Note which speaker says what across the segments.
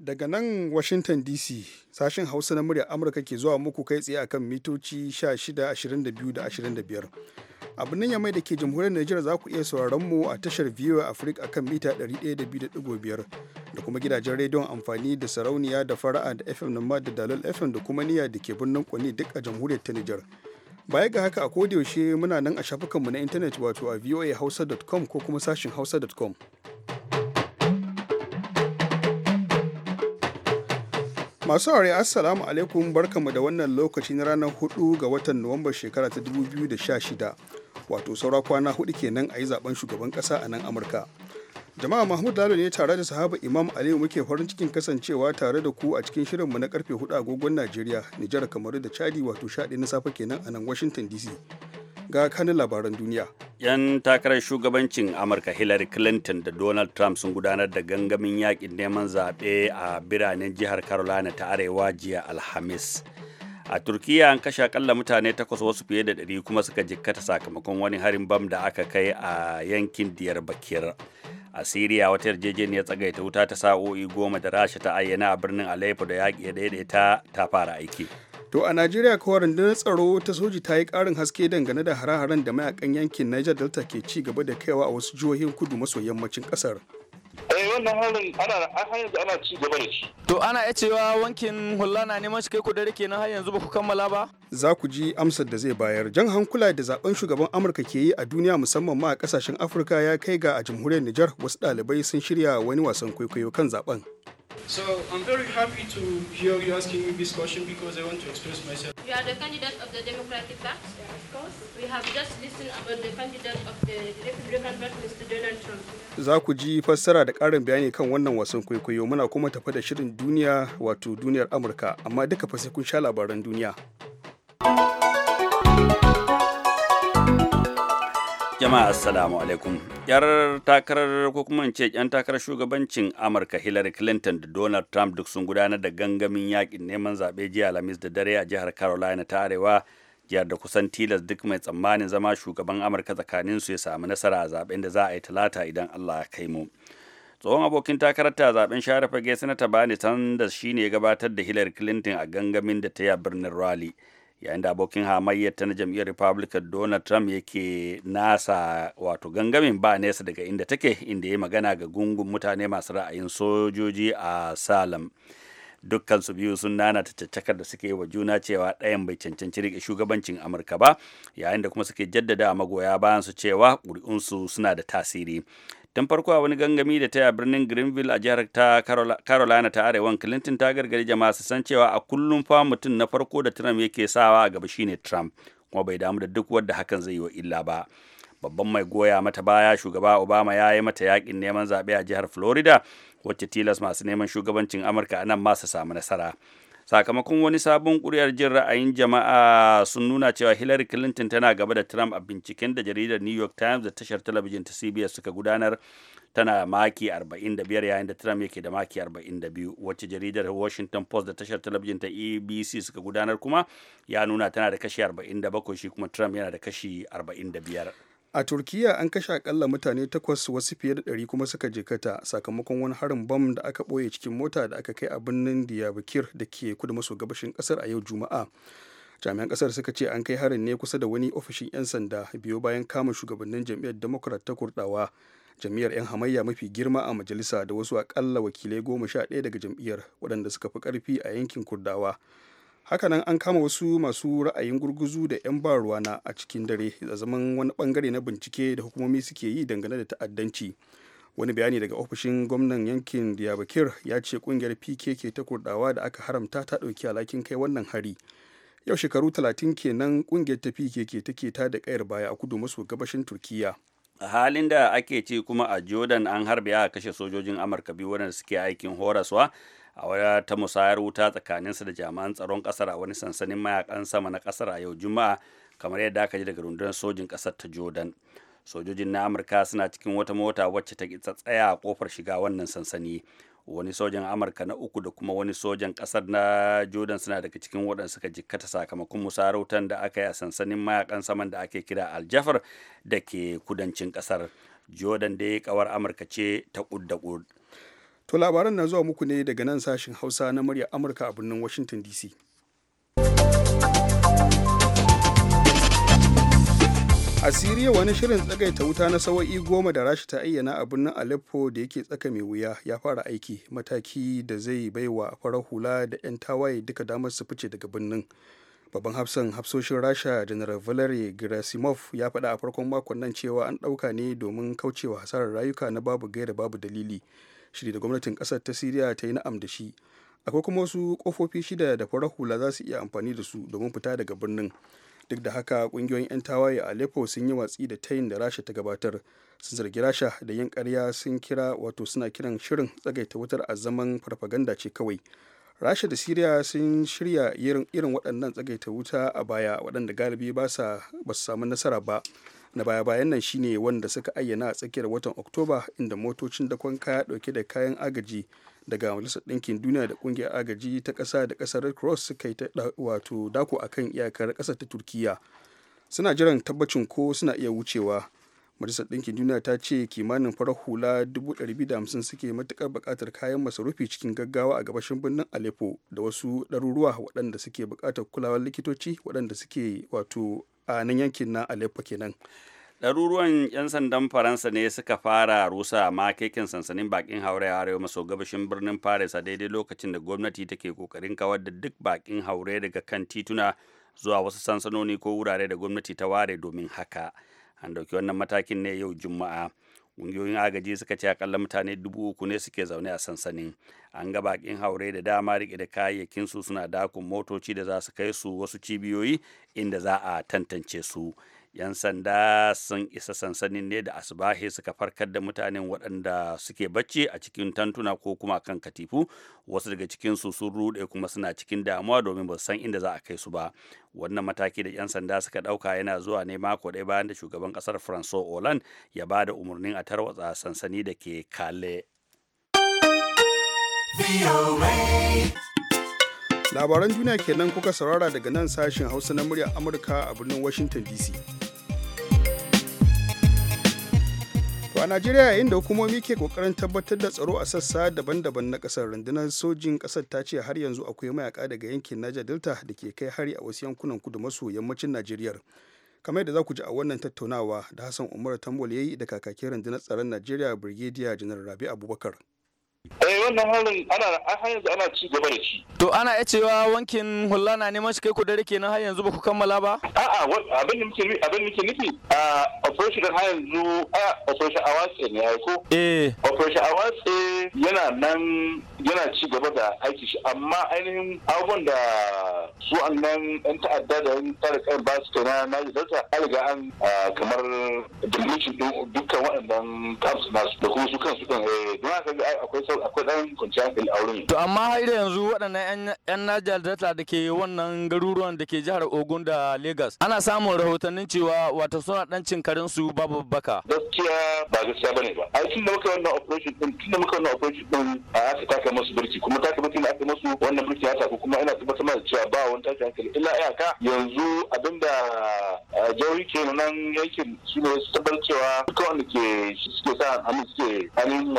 Speaker 1: Daga nan Washington DC sashen Hausa na murya Amurka ke zuwa muku kai tsaye akan mitoci 16, 22 da 25. mai yamai da ke jamhuriyar Nijar za ku iya sauraron mu a tashar VOA Africa akan mita 102.5 da kuma gidajen rediyon amfani da sarauniya da fara'a da FM na da dalil FM da kuma niyya da ke birnin Kwani duk a jamhuriyar ta Nijar. Baya ga haka a yaushe muna nan a shafukanmu na intanet wato a voahausa.com ko kuma sashin hausa.com. Masu aure assalamu alaikum barkanmu da wannan lokaci na ranar 4 ga watan Nuwambar shekara ta 2016 wato saura kwana hudu kenan a yi zaben shugaban kasa a nan Amurka. Jama'a Mahmud Lalo ne tare da sahaba Imam Aliyu muke farin cikin kasancewa tare da ku a cikin shirin mu na karfe 4 agogon Najeriya, Nijar, Kamaru da Chadi wato shaɗi na safe kenan a nan Washington DC. Ga kanin labaran duniya.
Speaker 2: 'Yan takarar shugabancin Amurka Hillary Clinton da Donald Trump sun gudanar da gangamin yakin neman zaɓe a biranen jihar Carolina ta Arewa jiya Alhamis. a turkiyya an kashe akalla mutane takwas wasu fiye da ɗari kuma suka jikkata sakamakon wani harin bam da aka kai a yankin diyar diyarbakir a siriya wata yarjejeniyar tsagaita wuta ta sa'o'i goma da rasha ta ayyana a birnin aleppo da yaƙi ya daidaita ta fara aiki
Speaker 1: to a najeriya kawai rundunar tsaro ta soji ta yi ƙarin haske dangane da hare-haren da mayakan yankin niger delta ke ci gaba da kaiwa a wasu jihohin kudu maso yammacin ƙasar
Speaker 3: eh wannan halin ana ana ci gaba da shi to ana iya cewa wankin hula na neman shi kai ku dare kenan har yanzu ba ku kammala ba
Speaker 1: za ku ji amsar da zai bayar jan hankula da zaben shugaban amurka ke yi a duniya musamman ma a kasashen afirka ya kai ga a jamhuriyar nijar wasu ɗalibai sun shirya wani wasan kwaikwayo kan zaben
Speaker 3: So I'm very happy to hear you asking me this question because I want to express
Speaker 1: myself.
Speaker 4: You are the candidate of the Democratic Party. Yeah, of course. We have just
Speaker 5: listened about the candidate of the Republican Party, Mr. Donald Trump.
Speaker 1: Za ku ji fassara da ƙarin bayani kan wannan wasan kwaikwayo muna kuma tafi da shirin duniya wato duniyar Amurka amma duka fa sai kun sha labaran duniya.
Speaker 2: jama'a assalamu alaikum yar takarar ko kuma ce yan takarar shugabancin amurka hillary clinton da donald trump duk sun gudanar da gangamin yakin neman zaɓe jiya alhamis da dare a jihar carolina ta arewa jihar da kusan tilas duk mai tsammanin zama shugaban amurka tsakanin su ya samu nasara a zaɓen da za a yi talata idan allah ya kai mu tsohon abokin takarar ta zaɓen share fage sanata bani sanders shine ya gabatar da hillary clinton a gangamin da ta yi a birnin raleigh yayin da abokin hamayyar ta na jam'iyyar republican donald trump yake nasa wato gangamin ba nesa daga inda take inda ya magana ga gungun mutane masu ra'ayin sojoji a salem dukkan su biyu sun nana ta caccakar da suke wa juna cewa ɗayan bai cancanci rike shugabancin amurka ba yayin da kuma suke jaddada magoya bayan su cewa ƙuri'unsu suna da tasiri tun farko a wani gangami da taya birnin greenville a jihar ta carolina ta arewan clinton ta gargadi jama'a su san cewa a kullum fa mutum na farko da trump yake sawa a gaba shine trump kuma bai damu da duk wadda hakan zai yi wa illa ba babban mai goya mata baya shugaba obama ya yi mata yakin neman zaɓe a jihar florida wacce tilas masu neman shugabancin amurka a nan ma su samu nasara sakamakon wani sabon kuri'ar jin ra'ayin jama'a sun nuna cewa hillary clinton tana gaba da trump a binciken da jaridar new york times da tashar talabijin ta cbs suka gudanar tana maki 45 yayin da trump yake da maki 42 wacce jaridar washington post da tashar talabijin ta abc e suka gudanar kuma ya nuna tana da kashi 47 shi kuma trump yana da kashi 45
Speaker 1: a turkiya an kashe akalla mutane takwas wasu fiye da ɗari kuma suka jikata sakamakon wani harin bam da aka ɓoye cikin mota da aka kai a birnin diyarbakir da ke kudu maso gabashin ƙasar a yau juma'a jami'an ƙasar suka ce an kai harin ne kusa da wani ofishin 'yan sanda biyo bayan kama shugabannin jam'iyyar democrat ta kurɗawa jam'iyyar 'yan hamayya mafi girma a majalisa da wasu akalla wakilai goma sha ɗaya daga jam'iyyar waɗanda suka fi ƙarfi a yankin kurɗawa hakanan an kama wasu masu ra'ayin gurguzu da 'yan ba ruwana a cikin dare da zaman wani bangare na bincike da hukumomi suke yi dangane da ta'addanci wani bayani daga ofishin gwamnan yankin diyabakir ya ce kungiyar pkk ta kurdawa da aka haramta ta ɗauki alhakin kai wannan hari yau shekaru 30 kenan kungiyar ta pkk take ta da kayar baya a kudu maso gabashin turkiya
Speaker 2: a halin da ake ce kuma a jordan an harbe a kashe sojojin amurka biyu wadanda suke aikin horaswa a waya ta musayar wuta tsakaninsa da jami'an tsaron kasar a wani sansanin mayakan sama na kasar a yau juma'a kamar yadda aka ji daga rundunar sojin kasar ta jordan sojojin na amurka suna cikin wata mota wacce ta tsaya a kofar shiga wannan sansani wani sojan amurka na uku da kuma wani sojan kasar na jordan suna daga cikin waɗanda suka jikkata sakamakon musarautar da aka yi a sansanin mayakan saman da ake kira aljafar da ke kudancin kasar jordan dai kawar amurka ce ta ƙud da
Speaker 1: To labaran na zuwa muku ne daga nan sashin Hausa na murya Amurka a birnin Washington DC. A Siriya wani shirin tsagaita wuta na sawa'i goma da rashi ta ayyana a birnin Aleppo da yake tsaka mai wuya ya fara aiki mataki da zai baiwa farar hula da 'yan tawaye duka damar su fice daga birnin. Babban hafsan hafsoshin Rasha General Valery Gerasimov ya faɗa a farkon makon nan cewa an ɗauka ne domin kaucewa hasarar rayuka na babu gaira babu dalili. shiri da gwamnatin kasar ta siriya ta yi na'am da shi akwai kuma wasu kofofi shida da fara hula za su iya amfani da su domin fita daga birnin duk da haka kungiyoyin 'yan tawaye a aleppo sun yi watsi da tayin da rasha ta gabatar sun zargi rasha da yin karya sun kira wato suna kiran shirin tsagaita wutar a zaman farfaganda ce kawai rasha da siriya sun shirya irin waɗannan tsagaita wuta a baya waɗanda galibi ba su samu nasara ba na baya-bayan nan shine wanda suka ayyana a tsakiyar watan oktoba inda motocin dakon kaya dauke da kayan agaji daga majalisar ɗinkin duniya da kungiyar agaji ta kasa da kasar red cross suka yi wato dako akan iyakar ƙasar ta turkiya suna jiran tabbacin ko suna iya wucewa majalisar ɗinkin duniya ta ce kimanin farar hula 250 suke matuƙar buƙatar kayan masarufi cikin gaggawa a gabashin birnin aleppo da wasu ɗaruruwa waɗanda suke buƙatar kulawar likitoci waɗanda suke wato a nan yankin na Aleppo kenan.
Speaker 2: ɗaruruwan 'yan sandan faransa ne suka fara rusa makekin sansanin bakin haure a arewa maso gabashin birnin paris a daidai lokacin da gwamnati take kokarin kawar da duk bakin haure daga kan tituna zuwa wasu sansanoni ko wurare da gwamnati ta ware domin haka an dauki wannan matakin ne yau juma'a ƙungiyoyin agaji suka ce akalla mutane dubu uku ne suke zaune a sansanin an ga bakin haure da dama rike da kayayyakin su suna dakun motoci da za su kai su wasu cibiyoyi inda za a tantance su 'yan sanda sun isa sansanin ne da asubahi suka farkar da mutanen waɗanda suke bacci a cikin tantuna ko kuma kan katifu wasu daga su sun rude kuma suna cikin damuwa domin ba san inda za a kai su ba wannan mataki da 'yan sanda suka ɗauka yana zuwa ne mako ɗaya bayan da shugaban ƙasar francois hollande ya ba da umarnin a tarwatsa sansani da ke kale
Speaker 1: labaran duniya kenan kuka saurara daga nan sashen hausa na muryar amurka a birnin washington dc a najeriya yayin da hukumomi ke kokarin tabbatar da tsaro a sassa daban-daban na kasar rundunar sojin kasar ta ce har yanzu akwai mayaka daga yankin niger delta da ke kai hari a wasu yankunan kudu maso yammacin najeriya kamar yadda za ku ji a wannan tattaunawa da hassan umar tambol ya yi da kakakin rundunar tsaron najeriya brigadier janar rabi abubakar
Speaker 6: eh wannan halin ana har yanzu ana ci gaba da shi
Speaker 1: to ana iya cewa
Speaker 3: wankin hulla na neman shi kai ku dare kenan har yanzu ba ku kammala ba a'a abin da muke abin muke nufi
Speaker 6: a operation har yanzu a operation awas ne ya ko eh operation awase eh, yana nan yana ci gaba da aiki shi amma ainihin abubuwan da su an nan yan ta'adda da yan tare kan ba su kana na jidata an riga an kamar diminishin dukkan waɗannan kamsu nasu da kuma su kansu kan eh don haka akwai akwai ɗan kwanciyar hankali a wurin. To
Speaker 3: amma har yanzu waɗannan 'yan Niger Delta da ke wannan garuruwan da ke jihar Ogun da Lagos ana samun rahotannin cewa wata suna ɗan cin karin su babu baka.
Speaker 6: Gaskiya ba gaskiya ne ba. Ai tun da muka wannan operation ɗin tun da muka wannan operation ɗin a aka taka musu birki kuma taka birki ne aka musu wannan birki ya taku kuma ina tabbatar da cewa ba wani tashin hankali illa iyaka yanzu abinda jauri ke nan yankin su ne su tabbatar cewa duka wanda ke suke sa hannu suke hannun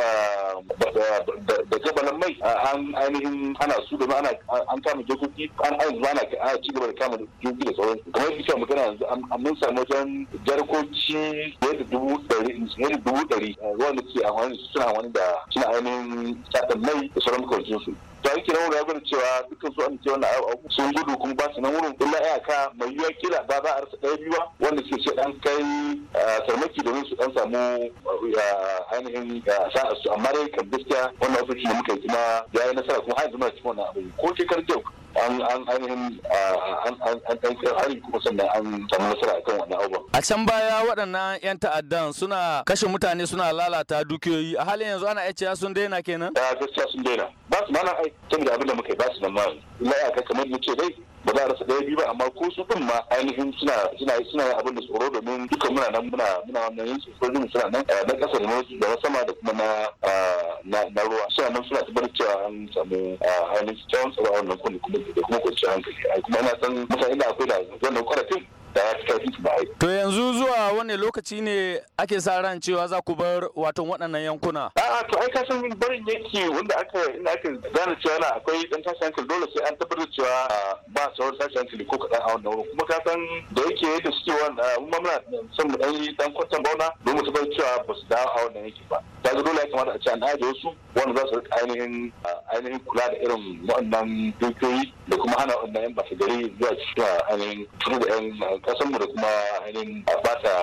Speaker 6: da gabanin mai an ainihin ana su domin ana an kama jokoki an ainihin a ci gaba da kama jokoki da sauransu kamar yadda kika magana yanzu an mun samu wajen jarkoci yadda dubu ɗari yadda dubu ɗari eh, wanda ke amfani suna amfani da suna ainihin saɗin mai da sauran makamancin su da aiki rawar wurin cewa dukkan su an ce wannan abu sun gudu kuma ba su nan wurin illa iyaka mai yiwuwa kila ba za a rasa ɗaya biyu wanda ke ce ɗan kai sarmaki domin su ɗan samu ainihin sa'a su amma dai kan gaskiya wannan ofishi da muka yi kuma ya yi nasara kuma har yanzu muna cikin wannan abu ko ke karjau an an an an an hari kuma sannan an samu nasara akan wannan abubuwan.
Speaker 3: A can baya waɗannan 'yan ta'addan suna kashe mutane suna lalata dukiyoyi a halin yanzu ana iya cewa sun daina kenan? Gaskiya
Speaker 6: sun daina. Ba su mana ai da abin da muka yi ba su nan ma. kamar ni ce dai ba za a rasa ɗaya biyu ba amma ko su ɗin ma ainihin suna suna suna yin abin da tsoro domin duka muna nan muna muna wannan yin sojojin suna nan eh, na ƙasa da wasu da sama da kuma ah, na na ruwa suna nan suna tabbatar cewa an samu ah, ainihin tsawon tsaro a wannan kuma da kuma kwanciyar hankali kuma ina san mutane da akwai da wannan ƙwarafin da
Speaker 3: to yanzu zuwa wani lokaci ne ake sa ran cewa za ku bar watan waɗannan yankuna a'a to ai kasan
Speaker 6: barin yake wanda aka ina aka zana cewa na akwai dan tashin hankali dole sai an tabbatar cewa ba wani tashin hankali ko kaɗan a wannan wurin kuma kasan da yake yadda suke wanda mun muna son mu ɗan yi dan kwantan bauna don mu tabbatar cewa ba su dawo a wannan yake ba kaga dole ya kamata a ce an ajiye su wanda za su rika ainihin ainihin kula da irin waɗannan dukiyoyi da kuma hana waɗannan 'yan basu gari zuwa cikin ainihin turu da 'yan ƙasanmu da kuma ainihin bata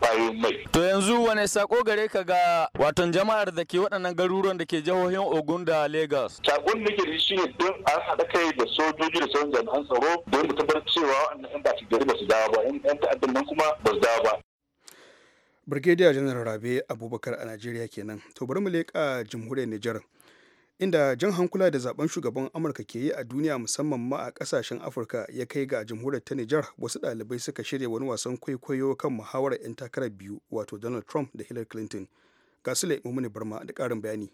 Speaker 6: bayan mai.
Speaker 3: To yanzu wane sako gare ka ga watan jama'ar da ke waɗannan garuruwan da ke jihohin Ogun da Lagos?
Speaker 6: Sakon da ke da shi ne don
Speaker 3: an haɗa kai da
Speaker 6: sojoji da sauran jami'an tsaro don mu tabbatar cewa waɗannan 'yan basu gari ba su dawo ba 'yan ta'addan nan kuma ba su dawo ba.
Speaker 1: Brigadier General Rabe Abubakar a Najeriya kenan. To bari mu leƙa jamhuriyar Nijar. inda jan hankula da zaben shugaban amurka ke yi a duniya musamman ma a kasashen afirka ya kai ga jamhuriyar ta nijar wasu dalibai suka shirya wani wasan kwaikwayo kan muhawarar 'yan takarar biyu wato donald trump da hillary clinton ga laifin mumuni barma da karin bayani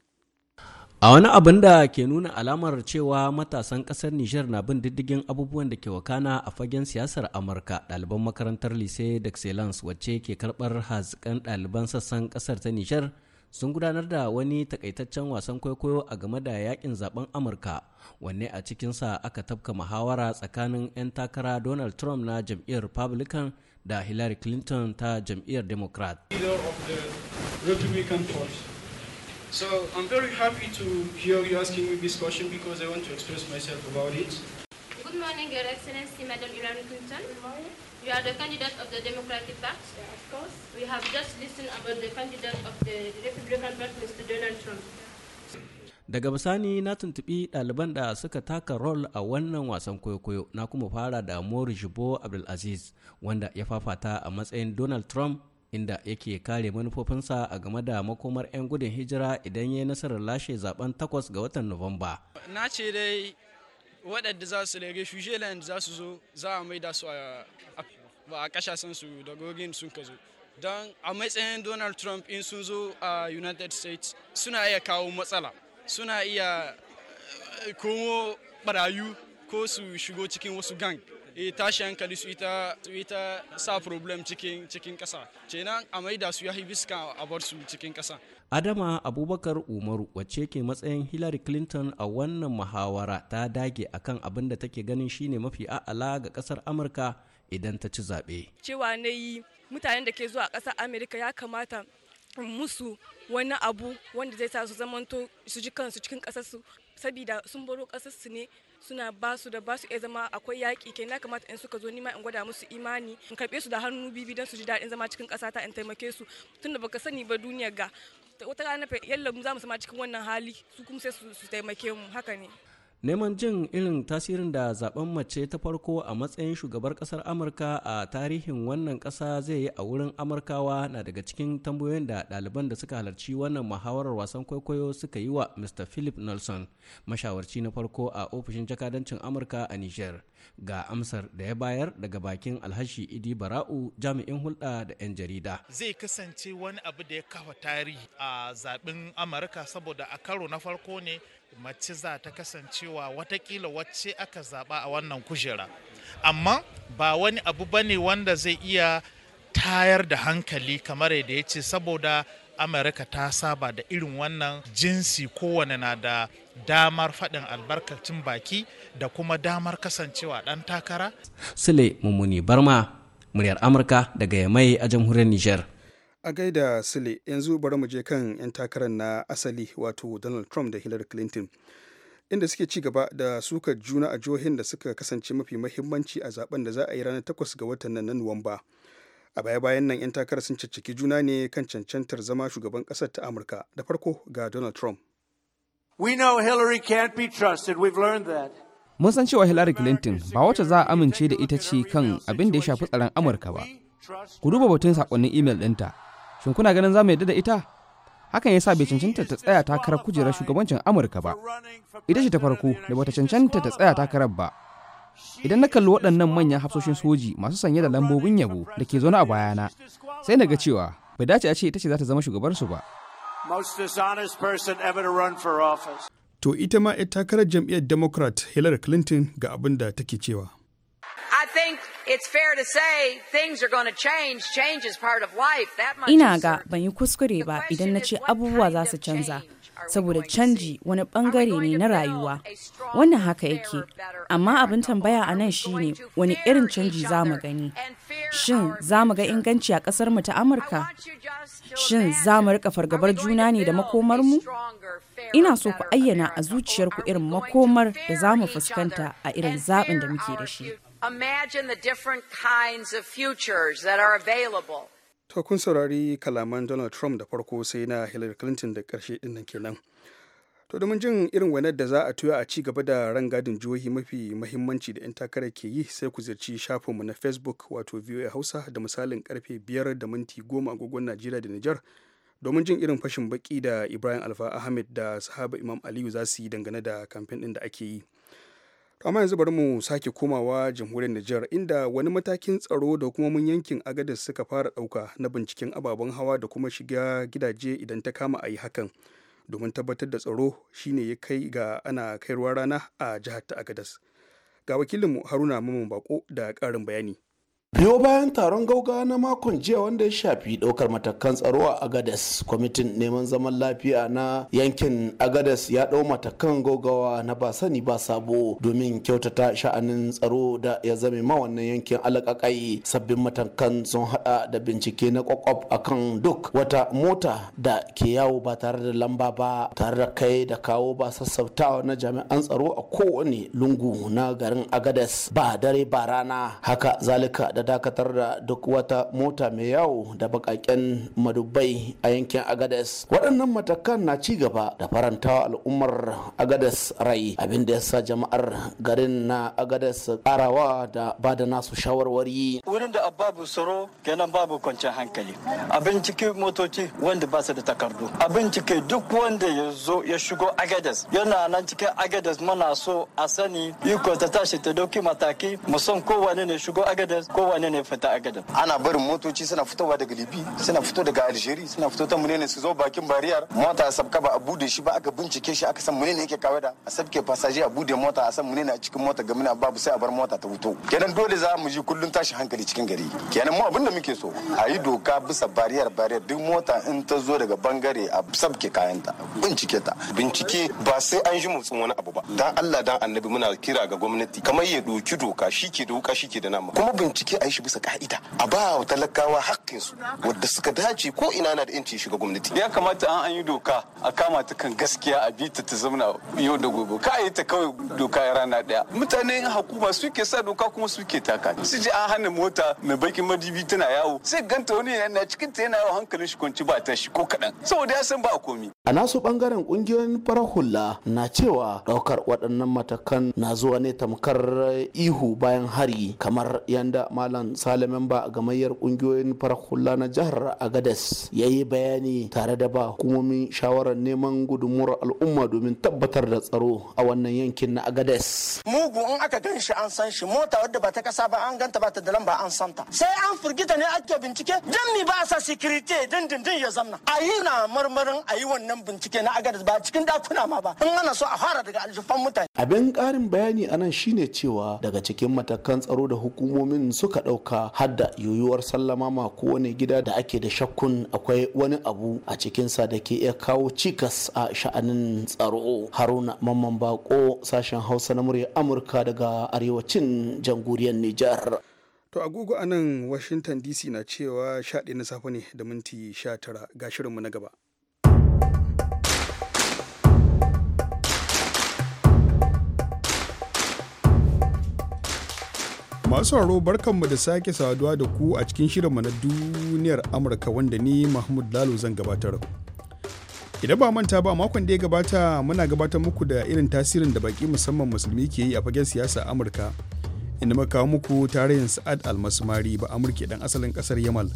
Speaker 5: a wani abin da ke nuna alamar cewa matasan kasar nijar na bin diddigin abubuwan da ke wakana a fagen siyasar amurka ɗaliban makarantar lise d'excellence wacce ke karɓar hazikan ɗaliban sassan kasar ta nijar sun gudanar da wani takaitaccen wasan kwaikwayo a game da yakin zaben amurka wanne a cikinsa aka tafka muhawara tsakanin 'yan takara donald trump na jam'iyyar republican da hillary clinton ta jam'iyyar democrat
Speaker 4: Good morning, Your Excellency, Madam Hillary Clinton. You are the candidate of the Democratic Party. Yeah, of course. We have just listened about the candidate of the Republican Party, Mr. Donald Trump.
Speaker 5: Daga bisani na tuntubi ɗaliban da suka taka rol a wannan wasan kwaikwayo na kuma fara da Mori Jibo Abdulaziz wanda ya fafata a matsayin Donald Trump inda yake kare manufofinsa a game da makomar 'yan gudun hijira idan ya yi nasarar lashe zaben takwas ga watan Nuwamba.
Speaker 3: Na ce dai waɗanda za su lege shuje land za su zo za a maida su a ƙasashen su da gogin sun ka zo don a matsayin donald trump in sun zo a united states suna iya kawo matsala suna iya eh, komo barayu ko su shigo cikin wasu gang e tashi hankali su ita su ita sa problem cikin cikin kasa kenan a maida su yahi biska a bar su cikin kasa
Speaker 5: Adama Abubakar Umaru wacce ke matsayin Hillary Clinton a wannan muhawara ta dage akan abin da take ganin shine mafi a'ala ga kasar Amurka idan ta ci zaɓe.
Speaker 7: Cewa na yi mutanen da ke zuwa kasar Amurka ya kamata musu wani abu wanda zai sa su zamanto su ji kansu cikin ƙasarsu sabida sun baro su ne suna ba su da ba su iya zama akwai yaƙi na kamata in suka zo nima in gwada musu imani in karɓe su da hannu bibi don su ji daɗin zama cikin ƙasa ta in taimake su tunda baka sani ba duniya ga wata rana yalla mu za mu zama cikin wannan hali su kuma sai su taimake mu haka ne
Speaker 5: neman jin irin tasirin da zaben mace ta farko a matsayin shugabar kasar amurka a tarihin wannan kasa zai yi a wurin amurkawa na daga cikin tambayoyin da ɗaliban da suka halarci wannan muhawarar wasan kwaikwayo suka yi wa mr philip nelson mashawarci na farko a ofishin jakadancin amurka a niger ga amsar da ya bayar daga bakin alhashi idi bara'u jami'in hulɗa da 'yan jarida
Speaker 1: zai kasance wani abu da ya kafa tarihi a zaben amurka saboda a karo na farko ne mace za ta kasancewa watakila wacce aka zaba a wannan kujera amma ba wani abu bane wanda zai iya tayar da hankali kamar yadda ya ce saboda amurka ta saba da irin wannan jinsi kowane na da damar faɗin albarkacin baki da kuma damar kasancewa ɗan takara
Speaker 5: sule mummuni barma muryar amurka daga yamai a jamhuriyar nijar
Speaker 1: A gaida Sule, yanzu bari mu je kan 'yan takarar na asali wato Donald Trump da Hillary Clinton. Inda suke ci gaba da sukar juna a jihohin da suka kasance mafi mahimmanci a zaben da za a yi ranar takwas ga watan nan na Nuwamba. A baya-bayan nan 'yan takarar sun cicciki juna ne kan cancantar zama shugaban ƙasar ta Amurka da farko ga
Speaker 2: Donald Trump. We know Hillary can't be trusted, we've learned that.
Speaker 1: Mun san cewa
Speaker 4: Hillary Clinton ba wata za a amince da ita ce kan abin da ya shafi tsaron Amurka ba. Ku duba batun sakonnin imel ɗinta shin kuna ganin za mu yadda da ita hakan ya sa bai cancanta ta tsaya takarar kujerar shugabancin amurka ba ita ce ta farko da bata cancanta ta tsaya takarar ba idan na kalli waɗannan manyan hafsoshin soji masu sanye da lambobin yabo da ke zaune a bayana
Speaker 1: sai na ga cewa bai dace a ce ita ce za ta zama shugabarsu ba to ita ma 'yar takarar jam'iyyar democrat hillary clinton ga
Speaker 7: abin da take cewa Ina ga ban yi kuskure ba idan na ce abubuwa za su canza, saboda canji wani bangare ne na rayuwa. Wannan haka yake, amma abin tambaya a nan shi ne wani irin canji za mu gani. Shin za mu ga inganci a ƙasar mu ta Amurka? Shin za mu rika fargabar juna ne da makomarmu? Ina so ku ayyana a zuciyarku irin makomar da za mu fuskanta a irin zaɓin da muke da shi.
Speaker 3: Imagine the different kinds of futures that are available.
Speaker 1: To kun saurari kalaman Donald Trump da farko sai na Hillary Clinton da karshe ɗin nan kenan. To domin jin irin wainar da za a tuya a ci gaba da rangadin jihohi mafi mahimmanci da 'yan takarar ke yi sai ku ziyarci shafinmu na Facebook wato VOA Hausa da misalin karfe 5 da minti 10 agogon Najeriya da Nijar domin jin irin fashin baki da Ibrahim Alfa Ahmed da sahaba Imam Aliyu za su yi dangane da kamfen ɗin da ake yi. amma yanzu bari mu sake komawa jamhuriyar Nijar inda wani matakin tsaro da hukumomin yankin agadas suka fara ɗauka na binciken ababen hawa da kuma shiga gidaje idan ta kama a yi hakan domin tabbatar da tsaro shine ya kai ga ana kairuwa rana a jihar ta agadas Ga wakilinmu Haruna Mamman Bako da ƙarin bayani.
Speaker 8: biyo bayan taron gaugawa na makon jiya wanda ya shafi ɗaukar matakan tsaro a agadas kwamitin neman zaman lafiya na yankin agadas ya ɗau matakan gaugawa na ba sani ba sabo domin kyautata sha'anin tsaro da ya zame ma wannan yankin alaƙaƙai sabbin matakan sun haɗa da bincike na kwakwaf akan duk wata mota da ke yawo ba tare da lamba ba tare da kai da kawo ba sassautawa na jami'an tsaro a kowane lungu na garin agadas ba dare ba rana haka zalika da dakatar da duk wata mota mai yawo da bakaken madubai a yankin agades waɗannan matakan na ci gaba da farantawa al'ummar agades rai abinda ya sa jama'ar garin na agades karawa da ba da nasu shawarwari
Speaker 5: wurin da ababu tsaro kenan babu kwanciyar hankali Abinciki cike motoci wanda ba su da takardu abin cike duk wanda ya zo ya shigo agades yana nan cikin agades muna so a sani iko ta tashi ta dauki mataki san kowane ne shigo agades kowane wane ne fita a gadan ana barin motoci
Speaker 3: suna fitowa daga libi suna fito daga algeria suna fito ta munene su zo bakin bariyar mota sabka ba a bude shi ba aka bincike shi aka san munene yake kawai da a sabke fasaje a bude mota a san munene a cikin mota muna babu sai a bar mota ta wuto kenan dole za mu ji kullun tashi hankali cikin gari kenan mu abinda muke so a yi doka bisa bariyar bariyar duk mota in ta zo daga bangare a sabke kayanta
Speaker 1: bincike ta bincike ba sai an ji motsin wani abu ba dan Allah dan annabi muna kira ga gwamnati kamar ya doki doka shi ke doka shi ke da nama kuma bincike a yi shi bisa ka'ida a ba wa talakawa su wadda suka dace ko ina na da yanci shiga gwamnati ya kamata an an yi doka a kama ta kan gaskiya a bi ta ta zamana yau da gobe ka yi ta kawai doka ya rana daya mutanen
Speaker 3: hukuma suke sa doka kuma suke taka su ji an hana mota mai bakin madibi tana yawo sai
Speaker 8: ganta wani yana cikin ta yana yawo hankalin shi kwanci ba ta shi ko kaɗan saboda ya san ba a komi a nasu bangaren kungiyoyin farar hula na cewa daukar waɗannan matakan na zuwa ne tamkar ihu bayan hari kamar yanda malam salamin ba gamayyar kungiyoyin farar hula na jihar agades ya yi bayani tare da ba hukumomin shawarar neman gudunmuwar al'umma domin tabbatar da tsaro a wannan yankin na agades
Speaker 3: mugu in aka gan
Speaker 8: shi an san shi mota wadda ba ta kasa ba an ganta ba ta lamba an santa sai an firgita ne ake bincike don mi ba sa sikirite dindindin ya zamna a yi na marmarin a yi wannan wuraren bincike na agadis ba cikin dakuna ma ba in ana so a fara daga aljufan mutane abin karin bayani anan shine cewa daga cikin matakan tsaro da hukumomin suka dauka hadda yoyuwar sallama ma kowane gida da ake da shakkun akwai wani abu a cikinsa da ke iya kawo cikas a sha'anin tsaro haruna mamman bako sashen hausa na murya amurka daga arewacin jamhuriyar nijar
Speaker 1: To agogo anan nan Washington DC na cewa 11 na safe ne da minti sha tara ga shirinmu na gaba. masu haro barkanmu da sake saduwa da ku a cikin shirinmu na duniyar Amurka wanda ni Mahmud Lalo zan gabatar. Idan ba manta ba makon da ya gabata muna gabatar muku da irin tasirin da baki musamman musulmi ke yi a fagen siyasa Amurka. Inda muka kawo muku tarihin Sa'ad Almasumari ba Amurke dan asalin kasar Yamal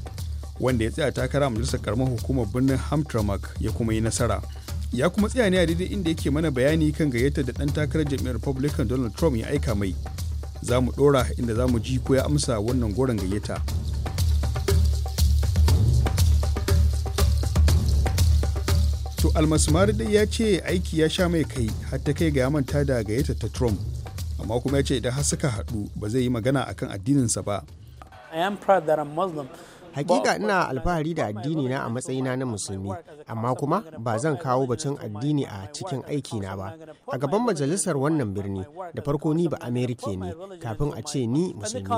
Speaker 1: wanda ya tsaya takara a majalisar karamar hukumar birnin hamtramak ya kuma yi nasara. Ya kuma tsaya ne a daidai inda yake mana bayani kan gayyatar da dan takarar jam'iyyar Republican Donald Trump ya aika mai. za mu ɗora inda za mu ji ko ya amsa wannan goron gayyata to almasmari dai ya ce aiki ya sha mai kai har ta kai ga ya manta da gayyata ta trump amma kuma ya ce idan har suka haɗu ba zai yi magana akan addininsa ba I am proud that I'm Muslim. Hakika ina alfahari da addini na a matsayina na musulmi, amma kuma ba zan kawo batun addini a cikin aikina ba. A gaban majalisar wannan birni, da farko ni ba Amerika ne, kafin a ce ni musulmi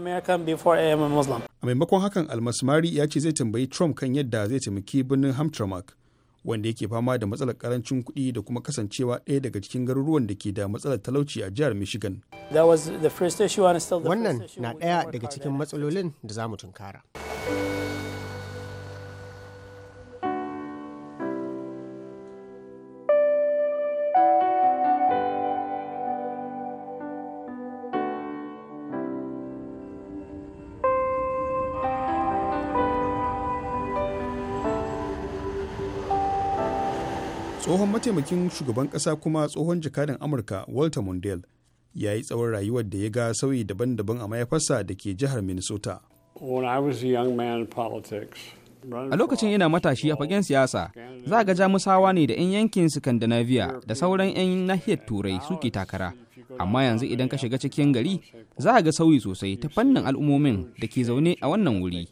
Speaker 1: ne. A maimakon hakan almasmari ya ce zai tambayi Trump kan yadda zai taimaki birnin Hamtramck wanda yake fama da matsalar karancin kuɗi da kuma kasancewa ɗaya daga cikin garuruwan da ke da matsalar talauci a jihar Michigan.
Speaker 9: Wannan na ɗaya daga cikin matsalolin da za mu tunkara.
Speaker 1: tsohon mataimakin shugaban kasa kuma tsohon jakadan amurka walter mondale ya yi tsawon rayuwar da ya ga sauyi daban-daban a mayafarsa da ke jihar minnesota a lokacin ina matashi a fagen siyasa za ga jamusawa ne da 'yan
Speaker 4: yankin scandinavia da sauran 'yan nahiyar turai suke takara amma yanzu idan ka shiga cikin gari za a ga sauyi sosai ta fannin al'ummomin da ke zaune a wannan wuri.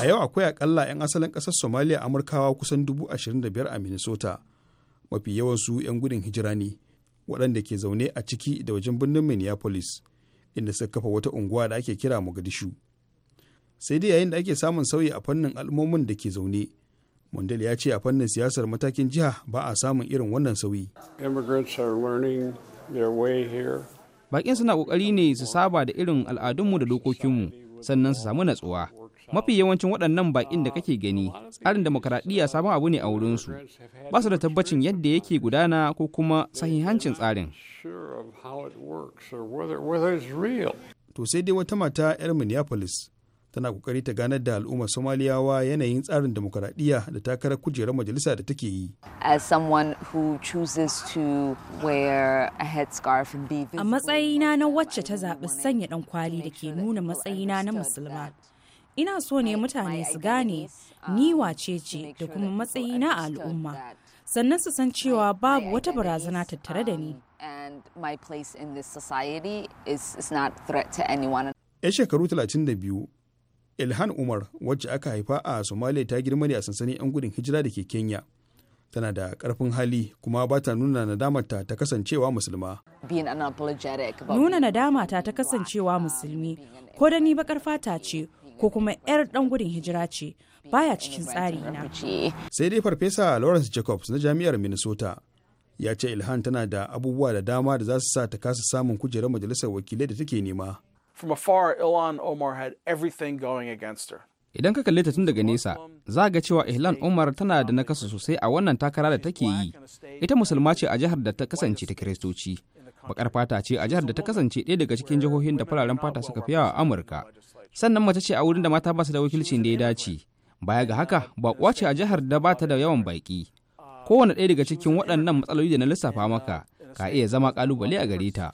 Speaker 1: A yau akwai akalla 'yan asalin ƙasar Somalia Amurkawa kusan 25,000 a Minnesota, mafi yawansu 'yan gudun hijira ne, waɗanda ke zaune a ciki da wajen birnin Minneapolis, inda suka kafa wata unguwa da ake kira Mogadishu. Sai dai yayin da ake samun sauyi a fannin al'ummomin da ke zaune, mundel ya ce a fannin siyasar matakin jiha ba a samun irin wannan sauyi. Baƙin suna ƙoƙari ne su saba da irin al'adunmu da
Speaker 4: dokokinmu sannan su samu natsuwa. Mafi yawancin waɗannan baƙin da kake gani tsarin demokaradiyya sabon abu ne a wurinsu ba su da tabbacin yadda yake gudana ko kuma sahihancin
Speaker 1: tsarin. To sai dai wata mata 'yar Minneapolis tana kokari ta ganar da al'ummar somaliyawa yanayin tsarin demokuraɗiyya da takarar kujerar majalisa da take yi
Speaker 7: a a matsayina na wacce ta zaɓi sanya ɗan kwali da ke nuna matsayina na musulma ina so ne mutane su gane ni wace ce da kuma matsayina a al'umma sannan su san cewa babu wata barazana tattare da ni. ‘Yan
Speaker 1: shekaru 32 ilhan umar wacce aka haifa a somalia ta girma ne a sansanin 'yan gudun hijira da ke kenya tana da karfin hali kuma ba ta nuna nadamarta ta kasancewa musulma
Speaker 7: nuna nadamata ta kasancewa musulmi ko da ni bakar fata ce ko kuma 'yar dan gudun hijira ce baya cikin tsari na
Speaker 1: sai dai farfesa lawrence jacobs na jami'ar minnesota ya ce ilhan tana da abubuwa da dama da za su sa ta kasa samun kujerar majalisar wakilai da take nema
Speaker 3: From afar, Ilan Omar had everything going against her.
Speaker 1: Idan ka kalli ta tun daga nesa, za ga cewa Ilan
Speaker 4: Omar tana da nakasa sosai a wannan takara da take yi. Ita musulma ce a jihar da ta kasance ta Kiristoci. Bakar fata ce a jihar da ta kasance ɗaya daga cikin jihohin da fararen fata suka fi yawa a Amurka. Sannan mace ce a wurin da mata ba su da wakilcin da ya dace. Baya ga haka, baƙuwa ce a jihar da ba ta da yawan baƙi. Kowane ɗaya daga cikin waɗannan matsaloli da na lissafa maka ka iya
Speaker 1: zama ƙalubale a gare ta.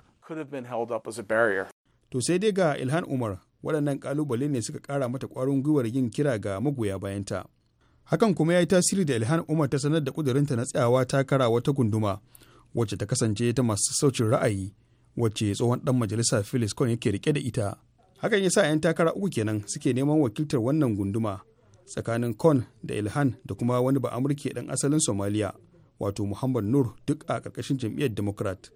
Speaker 1: to sai dai ga ilhan umar waɗannan kalubale ne suka ƙara mata ƙwarin gwiwar yin kira ga magoya bayanta hakan kuma ya yi tasiri da ilhan umar ta sanar da ƙudurinta na tsayawa takara wata gunduma wacce ta kasance ta masu saucin ra'ayi wacce tsohon ɗan majalisa phyllis kwan yake rike da ita hakan yasa 'yan takara uku kenan suke neman wakiltar wannan gunduma tsakanin kon da ilhan da kuma wani ba'amurke dan asalin somaliya wato muhammad nur duk a ƙarƙashin jam'iyyar democrat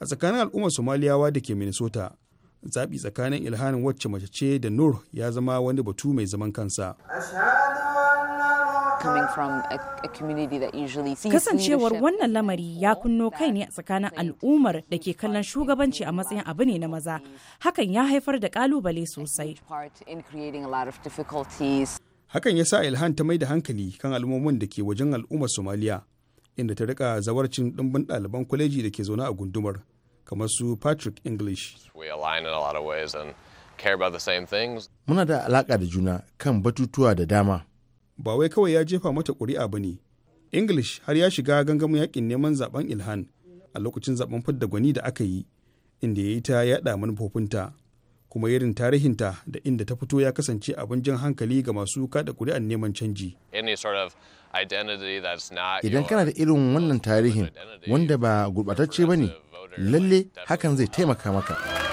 Speaker 1: a tsakanin al'ummar somaliyawa da ke minnesota zaɓi tsakanin ilhanin wacce mace ce da nur ya zama wani batu mai zaman kansa
Speaker 7: kasancewar wannan lamari ya kunno kai ne a tsakanin al'ummar da ke kallon shugabanci a matsayin abu ne na maza hakan ya haifar da kalubale sosai
Speaker 1: hakan ya sa ilhan ta mai da hankali kan al'ummomin da ke wajen al'ummar somaliya inda ta rika zawarcin dimbin ɗaliban kwaleji da ke zaune a gundumar kamar su patrick english
Speaker 9: aligned in a lot of ways and care about the same things.
Speaker 1: Muna da alaka da juna kan batutuwa da dama.
Speaker 9: Ba wai kawai ya jefa
Speaker 1: mata ƙuri'a ba ne. English har ya shiga gangamin yakin neman zaben Ilhan a lokacin zaben fadda gwani da aka yi inda ya yi ta yaɗa manufofinta kuma irin tarihinta da inda ta fito ya kasance abin jan hankali ga masu kada ƙuri'an neman canji. Idan kana da irin wannan tarihin wanda ba gurɓatacce ba ne, lalle hakan zai taimaka maka.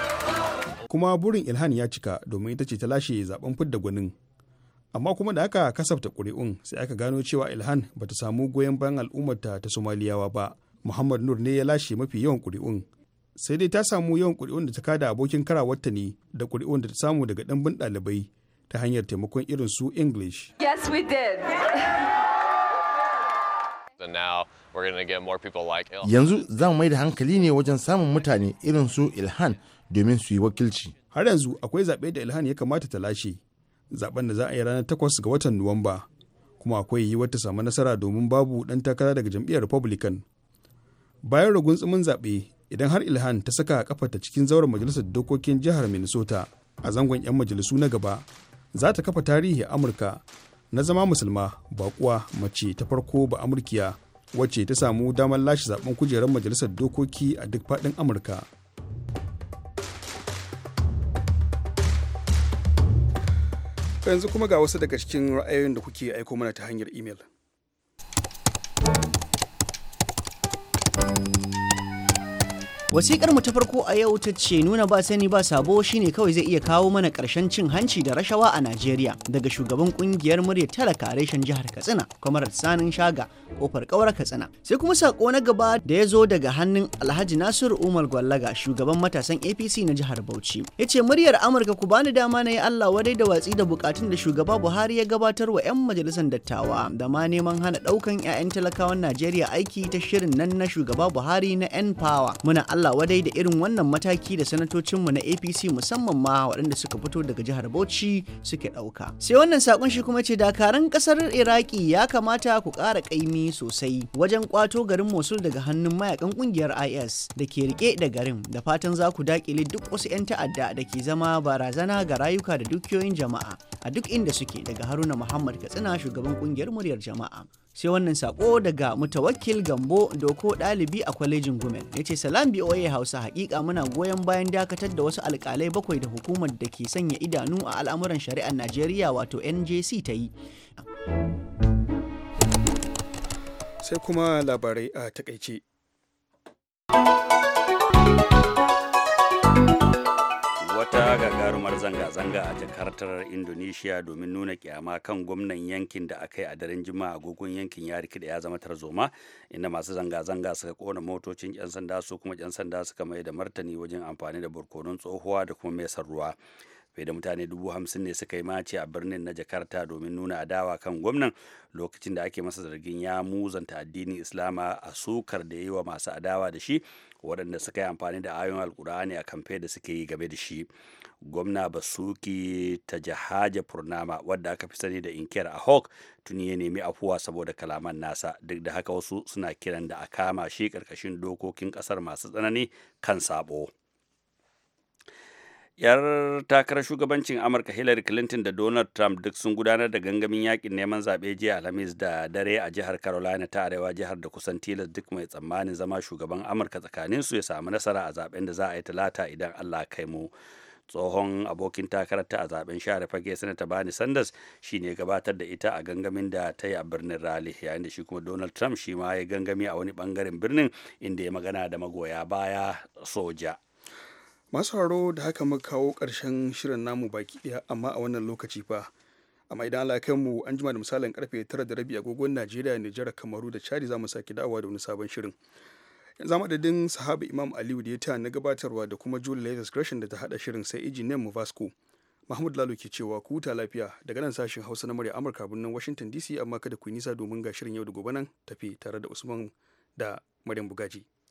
Speaker 1: kuma burin ilhan ya cika domin ita ce ta lashe zaben fidda gwanin amma kuma da aka kasafta ƙuri'un sai aka gano cewa ilhan ba ta samu goyon bayan al'ummarta ta somaliyawa ba muhammad nur ne ya lashe mafi yawan ƙuri'un sai dai ta samu yawan ƙuri'un da ta kada abokin karawarta ne da ƙuri'un da ta samu daga ɗanbin ɗalibai ta hanyar taimakon irin su english
Speaker 7: yes we
Speaker 9: Yanzu
Speaker 1: zan mai da hankali ne wajen samun mutane irin su Ilhan domin su yi wakilci. Har
Speaker 9: yanzu akwai zaɓe
Speaker 1: da Ilhan ya kamata ta lashe. Zaɓen da za a yi ranar takwas ga watan Nuwamba. Kuma akwai yi wata samu nasara domin babu ɗan takara daga jam'iyyar Republican. Bayan ragun tsumin zaɓe, idan har Ilhan ta saka kafarta cikin zauren majalisar dokokin jihar Minnesota a zangon 'yan majalisu na gaba, za ta kafa tarihi a Amurka na zama musulma kuwa mace ta farko ba amurkiya wacce ta samu damar lashe zaben kujerar majalisar dokoki a duk faɗin amurka yanzu kuma ga wasu daga cikin ra'ayoyin da kuke aiko mana ta hanyar imel.
Speaker 9: Wasikar mu ta farko a yau ta ce nuna ba sani ba sabo shine kawai zai iya kawo mana karshen cin hanci da rashawa a Najeriya daga shugaban kungiyar murya talaka reshen jihar Katsina, kamar Sanin Shaga, kofar kawar Katsina. Sai kuma sako na gaba da ya zo daga hannun Alhaji Nasiru Umar Gwallaga, shugaban matasan APC na jihar Bauchi. Ya ce muryar Amurka ku bani dama na yi Allah wadai da watsi da bukatun da shugaba Buhari ya gabatar wa 'yan majalisar dattawa da ma neman hana ɗaukan 'ya'yan talakawan Najeriya aiki ta shirin nan na shugaba Buhari na 'yan Power. Muna Allah wadai da irin wannan mataki da sanatocinmu na APC musamman ma waɗanda suka fito daga jihar Bauchi suke ɗauka. Sai wannan sakon shi kuma ce dakarun ƙasar Iraki ya kamata ku ƙara ƙaimi sosai wajen ƙwato garin Mosul daga hannun mayakan ƙungiyar IS da ke riƙe da garin da fatan za ku daƙile duk wasu 'yan ta'adda da ke zama barazana ga rayuka da dukiyoyin jama'a. a duk inda suke daga Haruna Muhammad Katsina shugaban kungiyar muryar jama'a. sai wannan sako daga mutawakkil gambo doko ɗalibi a kwalejin gumel ya ce salam boa hausa hakika muna goyon bayan dakatar da wasu alkalai bakwai da hukumar da ke sanya idanu a al'amuran shari'ar najeriya wato njc ta yi
Speaker 1: sai kuma labarai a takaice wata gagarumar
Speaker 2: zanga-zanga a jakartar Indonesia domin nuna kyama kan gwamnan yankin da aka yi a daren jima'a agogon yankin ya rikida ya zama tarzoma inda masu zanga-zanga suka kona motocin 'yan sanda su kuma 'yan sanda suka mai da martani wajen amfani da barkonon tsohuwa da kuma mesar ruwa. fiye da mutane dubu hamsin ne suka yi mace a birnin na jakarta domin nuna adawa kan gwamnan lokacin da ake masa zargin ya muzanta addinin islama a sukar da yi wa masu adawa da shi waɗanda suka yi amfani da ayon alkur'ani a kamfe da suke yi game da shi gwamna basuki ta jahaja purnama wadda aka fi sani da inkiyar a hawk tuni ya nemi afuwa saboda kalaman nasa duk da haka wasu suna kiran da a kama shi ƙarƙashin dokokin ƙasar masu tsanani kan sabo. yar takarar shugabancin amurka hillary clinton da donald trump duk sun gudanar da gangamin yakin neman zaɓe jiya alhamis da dare a jihar carolina ta arewa jihar da kusan tilas duk mai tsammanin zama shugaban amurka tsakaninsu ya samu nasara a zaɓen da za a yi talata idan allah kai mu tsohon abokin takarar ta a zaben share fage sanata bani sanders shi ne gabatar da ita a gangamin da ta yi a birnin raleigh yayin da shi kuma donald trump shi ma ya gangami a wani bangaren birnin inda ya magana da magoya baya soja
Speaker 1: masu haro da haka muka kawo karshen shirin namu baki ɗaya amma a wannan lokaci fa amma idan Allah mu an jima da misalin karfe 9 da rabi agogon Najeriya Nijar Kamaru da Chadi za mu sake dawowa da wani sabon shirin yanzu madadin sahaba Imam Aliyu da ya ta na gabatarwa da kuma Julie Latest Gresham da ta hada shirin sai injiniyan mu Vasco Mahmud Lalo ke cewa ku huta lafiya daga nan sashin Hausa na murya Amurka birnin Washington DC amma kada ku nisa domin ga shirin yau da gobe nan tafi tare da Usman da Maryam Bugaji